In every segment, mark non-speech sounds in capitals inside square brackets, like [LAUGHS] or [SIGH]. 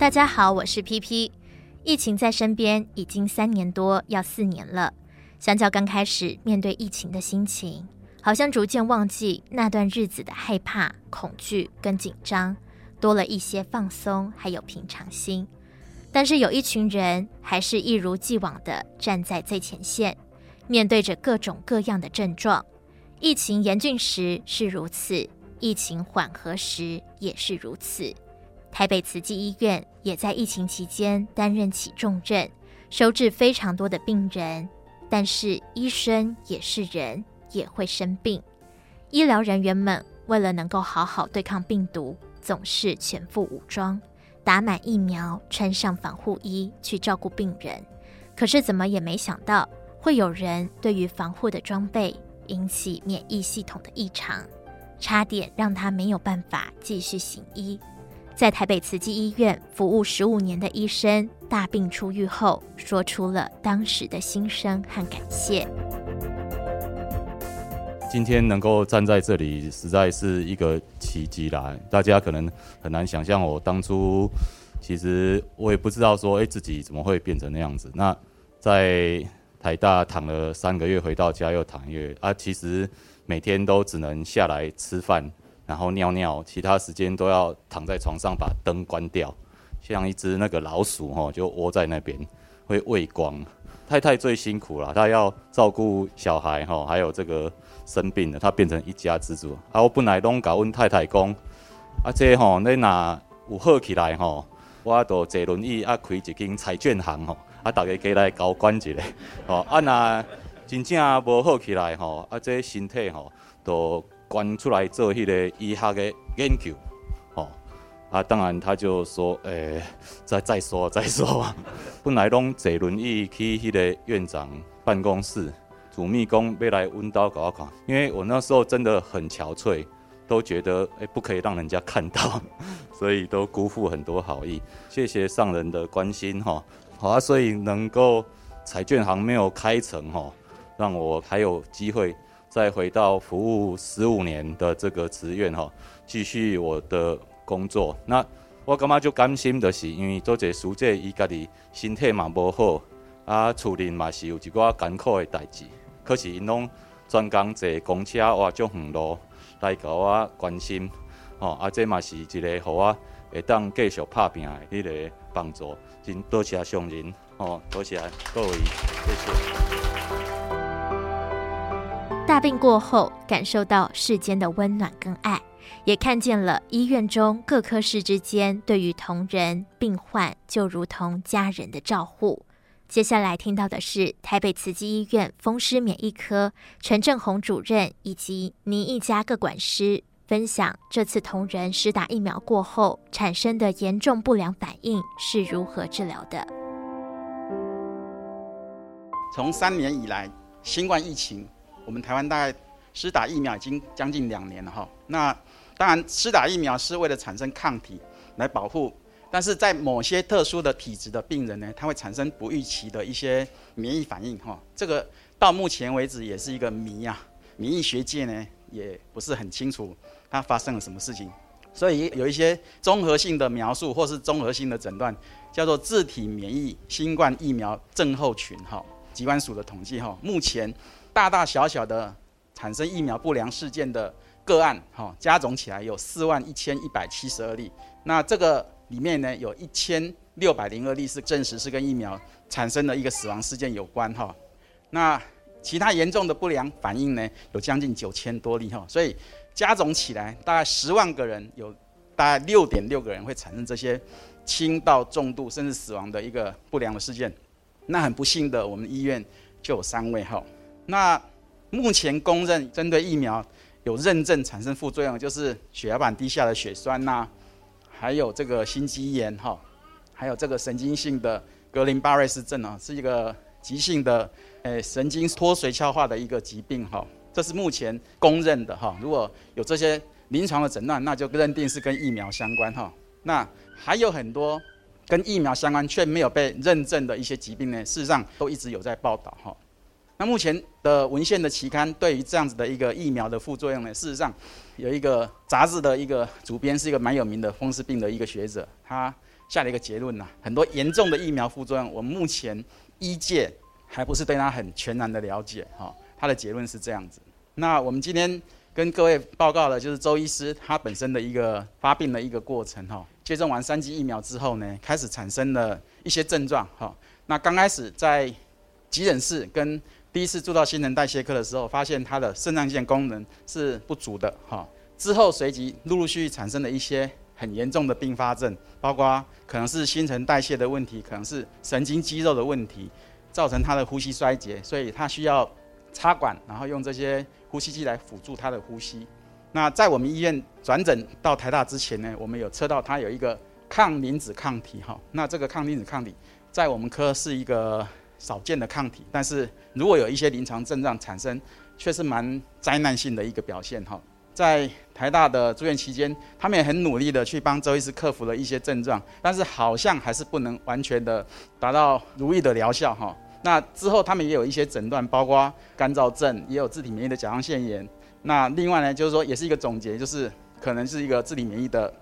大家好，我是 PP。疫情在身邊已經三年多，要四年了。相較剛開始面對疫情的心情，好像逐漸忘記那段日子的害怕、恐懼跟緊張，多了一些放鬆，還有平常心。但是有一群人還是一如既往地站在最前線，面對着各種各樣的症狀。疫情嚴峻時是如此，疫情緩和時也是如此。台北慈濟醫院也在疫情期間擔任起重症，收治非常多的病人。但是醫生也是人，也會生病。醫療人員們為了能夠好好對抗病毒，總是全副武裝，打滿疫苗，穿上防護衣去照顧病人。可是怎麼也沒想到，會有人對於防護的裝備引起免疫系統的異常，差點讓他沒有辦法繼續行醫。在台北慈濟醫院服務十五年的醫生，大病初癒後，說出了當時的心聲和感謝。今天能夠站在這裡，實在是一個奇蹟啦！大家可能很難想象，我當初其實我也不知道說，哎，自己怎麼會變成那樣子。那在台大躺了三個月，回到家又躺一個月啊，其實每天都只能下來吃飯。然後尿尿，其他時間都要躺在床上，把燈關掉，像一隻那個老鼠吼、喔，就窩在那邊，會畏光。太太最辛苦了，她要照顧小孩吼、喔，還有這個生病了，她變成一家之主。啊，我本來攏跟阮太太講，啊，這吼恁哪有好起來吼、喔，我都坐輪椅啊開一間彩券行吼、喔，啊大家過來交關一下，哦、喔，啊哪真正無好起來吼、喔，啊這身體吼、喔、都。關出來做迄個醫學的研究，哦，啊，當然他就說，誒、欸，再再說再說，再說 [LAUGHS] 本來攏坐輪椅去迄個院長辦公室，主秘公要來溫刀給我看，因為我那時候真的很憔悴，都覺得誒、欸、不可以讓人家看到，所以都辜負很多好意，謝謝上人的關心，哈、哦，好啊，所以能夠彩券行沒有開成，哈、哦，讓我還有機會。再回到服務十五年的這個職院吼，繼續我的工作。那我覺感覺就甘心的，是因為做這師姐，伊家己身體嘛無好，啊，厝人嘛是有一寡艱苦的代誌。可是因攏專工坐公車或中遠路來給我關心，吼、喔、啊，這嘛是一個互我會當繼續拍拼的迄個幫助。真多謝上人，吼、喔、多謝各位，謝謝。大病過後，感受到世間的溫暖跟愛，也看見了醫院中各科室之間對於同仁病患就如同家人的照護。接下來聽到的是台北慈濟醫院風濕免疫科陳正宏主任以及倪一家個管師分享，這次同仁施打疫苗過後產生的嚴重不良反應是如何治療的。從三年以來新冠疫情。我們台灣大概施打疫苗已經將近兩年了哈。那當然，施打疫苗是為了產生抗體來保護，但是在某些特殊的體質的病人呢，它會產生不預期的一些免疫反應哈。這個到目前為止也是一個謎啊，免疫學界呢也不是很清楚它發生了什麼事情，所以有一些綜合性的描述或是綜合性的診斷，叫做自體免疫新冠疫苗症候群哈。疾管署的統計哈，目前。大大小小的產生疫苗不良事件的個案，哈，加總起來有四萬一千一百七十二例。那這個裡面呢，有一千六百零二例是證實是跟疫苗產生的一個死亡事件有關，哈。那其他嚴重的不良反應呢，有將近九千多例，哈。所以加總起來，大概十萬個人有大概六點六個人會產生這些輕到重度甚至死亡的一個不良的事件。那很不幸的，我們醫院就有三位，哈。那目前公認針對疫苗有認證產生副作用，就是血小板低下的血栓吶、啊，還有這個心肌炎哈，還有這個神經性的格林巴瑞斯症啊，是一個急性的誒神經脫髓鞘化的一個疾病哈，這是目前公認的哈。如果有這些臨床的診斷，那就認定是跟疫苗相關哈。那還有很多跟疫苗相關卻沒有被認證的一些疾病呢，事實上都一直有在報道哈。那目前的文獻的期刊對於這樣子的一個疫苗的副作用呢，事實上有一個雜誌的一個主編是一個蠻有名的風濕病的一個學者，他下了一個結論吶，很多嚴重的疫苗副作用，我們目前醫界還不是對他很全然的了解哈。他的結論是這樣子。那我們今天跟各位報告的就是周醫師他本身的一個發病的一個過程哈。接種完三劑疫苗之後呢，開始產生了一些症狀哈。那剛開始在急診室跟第一次住到新陳代謝科的時候，發現他的腎上腺功能是不足的，哈。之後隨即陸陸續續產生了一些很嚴重的併發症，包括可能是新陳代謝的問題，可能是神經肌肉的問題，造成他的呼吸衰竭，所以他需要插管，然後用這些呼吸器來輔助他的呼吸。那在我們醫院轉診到台大之前呢，我們有測到他有一個抗磷脂抗體，哈。那這個抗磷脂抗體在我們科是一個。少見的抗體，但是如果有一些臨床症狀產生，卻是蠻災難性的一個表現哈。在台大的住院期間，他們也很努力的去幫周醫師克服了一些症狀，但是好像還是不能完全的達到如意的療效哈。那之後他們也有一些診斷，包括乾燥症，也有自體免疫的甲狀腺炎。那另外呢，就是說也是一個總結，就是可能是一個自體免疫的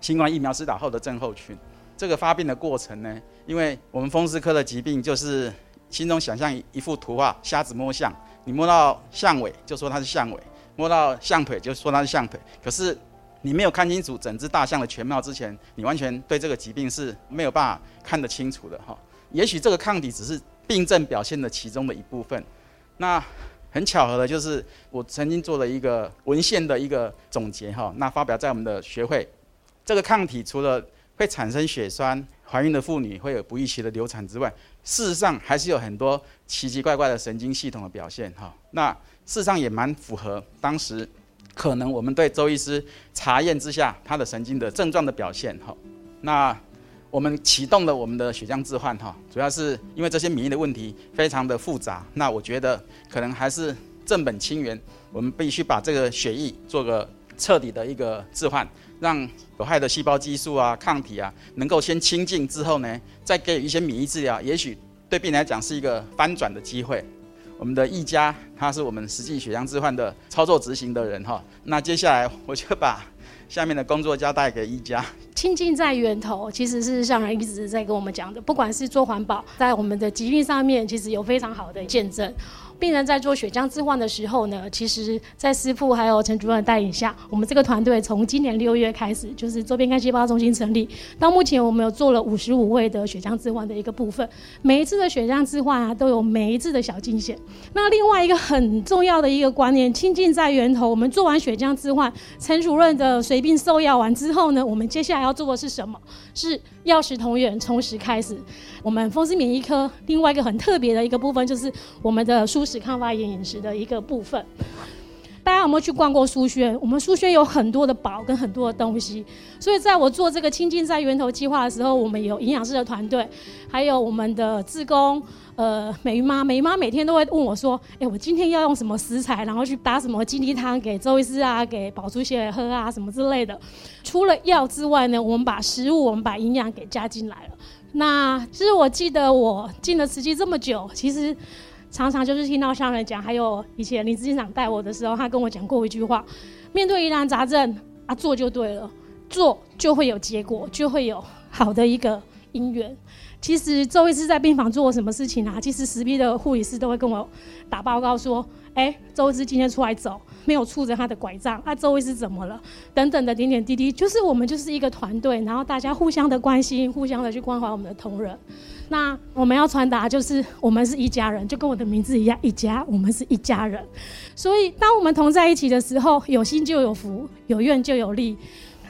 新冠疫苗施打後的症候群。這個發病的過程呢，因為我們風濕科的疾病就是。心中想象一幅圖畫，瞎子摸象，你摸到象尾就說它是象尾，摸到象腿就說它是象腿。可是你沒有看清楚整隻大象的全貌之前，你完全對這個疾病是沒有辦法看得清楚的哈。也許這個抗體只是病症表現的其中的一部分。那很巧合的就是，我曾經做了一個文獻的一個總結哈，那發表在我們的學會。這個抗體除了會產生血栓，懷孕的婦女會有不預期的流產之外。事實上還是有很多奇奇怪怪的神經系統的表現哈。那事實上也蠻符合當時，可能我們對周醫師查驗之下他的神經的症狀的表現哈。那我們啟動了我們的血漿置換哈，主要是因為這些免疫的問題非常的複雜。那我覺得可能還是正本清源，我們必須把這個血液做個徹底的一個置換。讓有害的細胞激素啊、抗體啊，能夠先清淨之後呢，再給予一些免疫治療，也許對病人來講是一個翻轉的機會。我們的易家，他是我們實際血漿置換的操作執行的人哈。那接下來我就把下面的工作交代給易家。清淨在源頭，其實是上人一直在跟我們講的，不管是做環保，在我們的疾病上面，其實有非常好的見證。病人在做血漿置換的時候呢，其實，在師父還有陳主任的帶領下，我們這個團隊從今年六月開始，就是周邊幹細胞中心成立，到目前我們有做了五十五位的血漿置換的一個部分。每一次的血漿置換啊，都有每一次的小驚險。那另外一個很重要的一個觀念，清淨在源頭。我們做完血漿置換，陳主任的隨病授藥完之後呢，我們接下來要做的是什麼？是藥食同源，從食開始。我們風濕免疫科另外一個很特別的一個部分，就是我們的蔬食抗發炎飲食的一個部分。大家有沒有去逛過書軒？我們書軒有很多的寶跟很多的東西。所以在我做這個清淨在源頭計劃的時候，我們有營養師的團隊，還有我們的志工。呃，美媽，美媽每天都會問我說：“哎，我今天要用什麼食材，然後去打什麼精力湯給周醫師啊，給寶珠姐喝啊，什麼之類的。”除了藥之外呢，我們把食物，我們把營養給加進來了。那其實我記得我進了慈濟這麼久，其實常常就是聽到上人講，還有以前林志進長帶我的時候，他跟我講過一句話：面對疑難雜症啊，做就對了，做就會有結果，就會有好的一個因緣。其實周醫師在病房做了什麼事情啊？其實十 B 的護理師都會跟我打報告說：“哎、欸，周醫師今天出來走，沒有杵着他的拐杖，那、啊、周醫師怎麼了？”等等的點點滴滴，就是我們就是一個團隊，然後大家互相的關心，互相的去關懷我們的同仁。那我們要傳達就是我們是一家人，就跟我的名字一樣，一家我們是一家人。所以當我們同在一起的時候，有心就有福，有願就有力。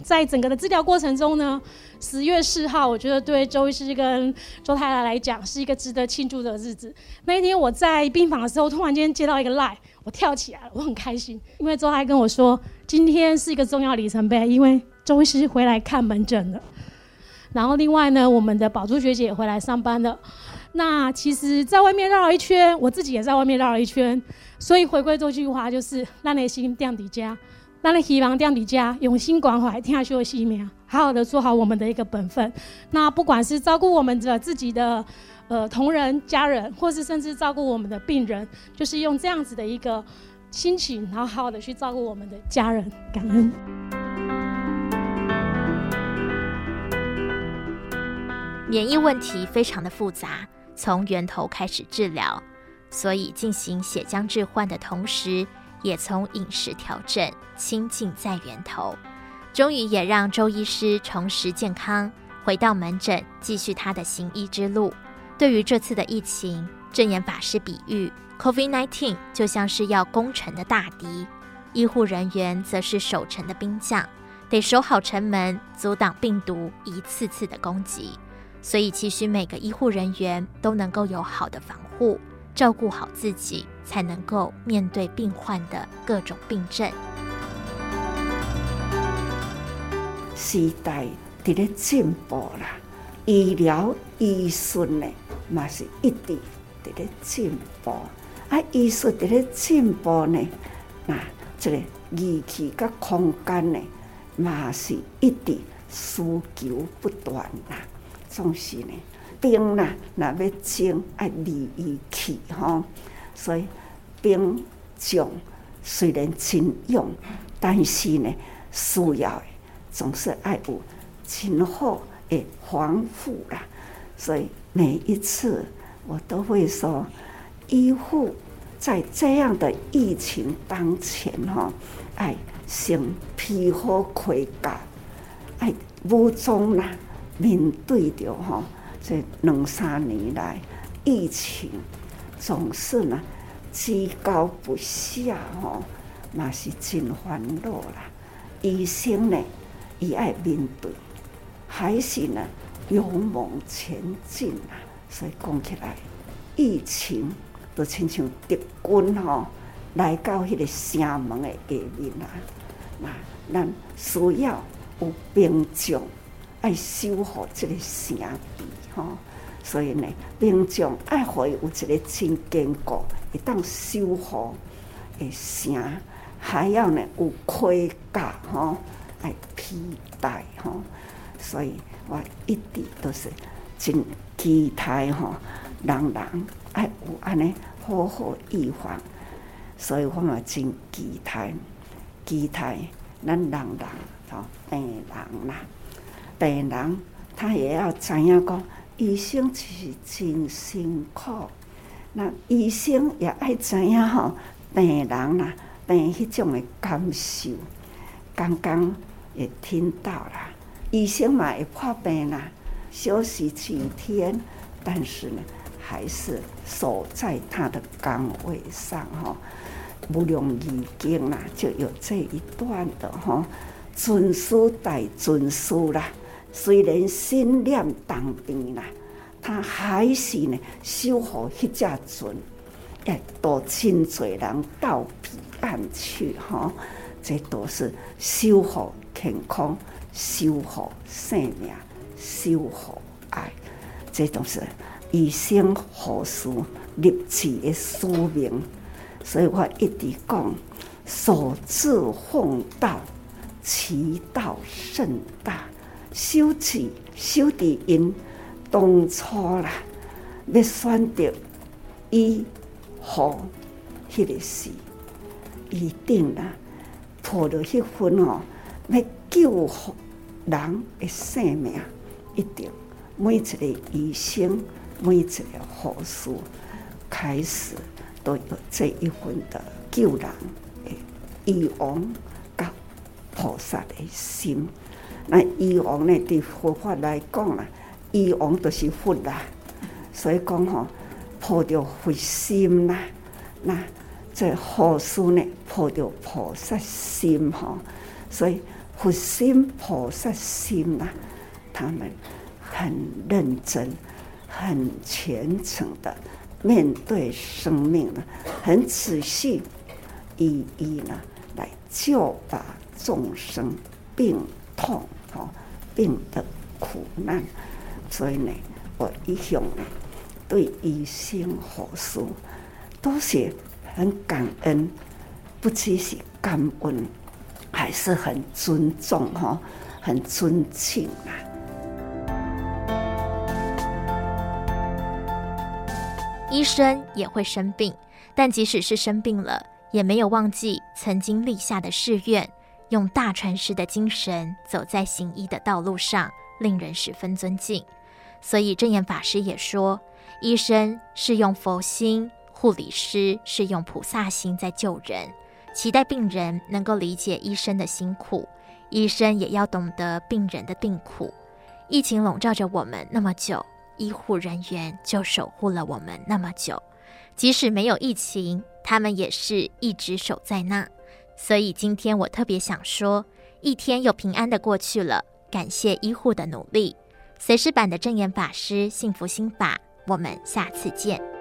在整個的治療過程中呢，十月四號，我覺得對周醫師跟周太太來講是一個值得慶祝的日子。那一天我在病房的時候，突然間接到一個 Line，我跳起來了，我很開心，因為周太太跟我說，今天是一個重要里程碑，因為周醫師回來看門診了。然後另外呢，我們的寶珠學姐也回來上班了。那其實，在外面繞了一圈，我自己也在外面繞了一圈，所以回歸這句話就是，讓內心降底家當然希望這樣子家用心關懷、聽受洗名，好好的做好我們的一個本分。那不管是照顧我們的自己的呃同仁、家人，或是甚至照顧我們的病人，就是用這樣子的一個心情，然後好好的去照顧我們的家人，感恩。免疫問題非常的複雜，從源頭開始治療，所以進行血漿置換的同時。也從飲食調整，清淨在源頭，終於也讓周醫師重拾健康，回到門診繼續他的行醫之路。對於這次的疫情，證嚴法師比喻 COVID-19 就像是要攻城的大敵，醫護人員則是守城的兵將，得守好城門，阻擋病毒一次次的攻擊。所以，期許每個醫護人員都能夠有好的防護，照顧好自己。才能夠面對病患的各種病症。時代在進步，醫療、醫術呢也一直在進步。啊，醫術在進步呢，那這個儀器跟空間呢嘛是一直需求不斷、啊、總是呢，病啦那要進啊，儀器所以兵將雖然很勇，但是呢，需要的總是要有很好的防護啦。所以每一次我都會說，醫護在這樣的疫情當前哈，哎、哦，想披好盔甲，哎，武裝啦，面對着吼這兩三年來疫情。總是呢，居高不下哦，那是真煩惱啦。醫生呢，伊愛面對，還是呢，勇猛前進啊。所以講起來，疫情都親像敵軍吼、哦，來到迄個城門的裡面啊，那咱需要有兵將來守護這個城池、哦、吼。所以呢，民眾愛會有一個真堅固，會當守護誒城，還要呢有盔甲吼，來替代吼。所以我一直都是真期待吼，人人愛有安尼好好預防，所以我嘛真期待，期待咱人人吼病人啦，病人，人，人，人，人，人他也要知影講。醫生是真辛苦，那醫生也愛知影病人啦，病迄種的感受。剛剛也聽到了，醫生嘛會破病啦，休息幾天，但是呢，還是守在他的崗位上吼，不容易。經啦就有這一段的吼，船師、大船師啦。雖然身染重病啦，他還是呢，守護這隻船，也度很多人到彼岸去哈。這都是守護健康、守護生命、守護愛，這都是醫生護士立志的使命。所以我一直講：守志奉道，其道甚大。修持、修持因當初啦，要選擇醫、護迄個時，一定啦，抱到迄份哦、喔，要救人誒性命，一定每一個醫生、每一個護士開始都有這一份的救人的醫王甲菩薩誒心。那醫王呢，對佛法來講啦，醫王都是佛啦，所以講吼、哦，抱著佛心啦，那在後世呢，抱著菩薩心哈，所以佛心菩薩心啦，他們很認真、很虔誠的面對生命，呢很仔細一一呢來救拔眾生病痛。病的苦難，所以呢，我一向對醫生護士都是很感恩，不只是感恩，還是很尊重哈，很尊敬嘛，啊。醫生也會生病，但即使是生病了，也沒有忘記曾經立下的誓願。用大船師的精神走在行醫的道路上，令人十分尊敬。所以證嚴法師也說，醫生是用佛心，護理師是用菩薩心在救人。期待病人能夠理解醫生的辛苦，醫生也要懂得病人的病苦。疫情籠罩着我們那麼久，醫護人員就守護了我們那麼久。即使沒有疫情，他們也是一直守在那。所以今天我特別想說，一天又平安的過去了，感謝醫護的努力。隨時版的證嚴法師幸福心法，我們下次見。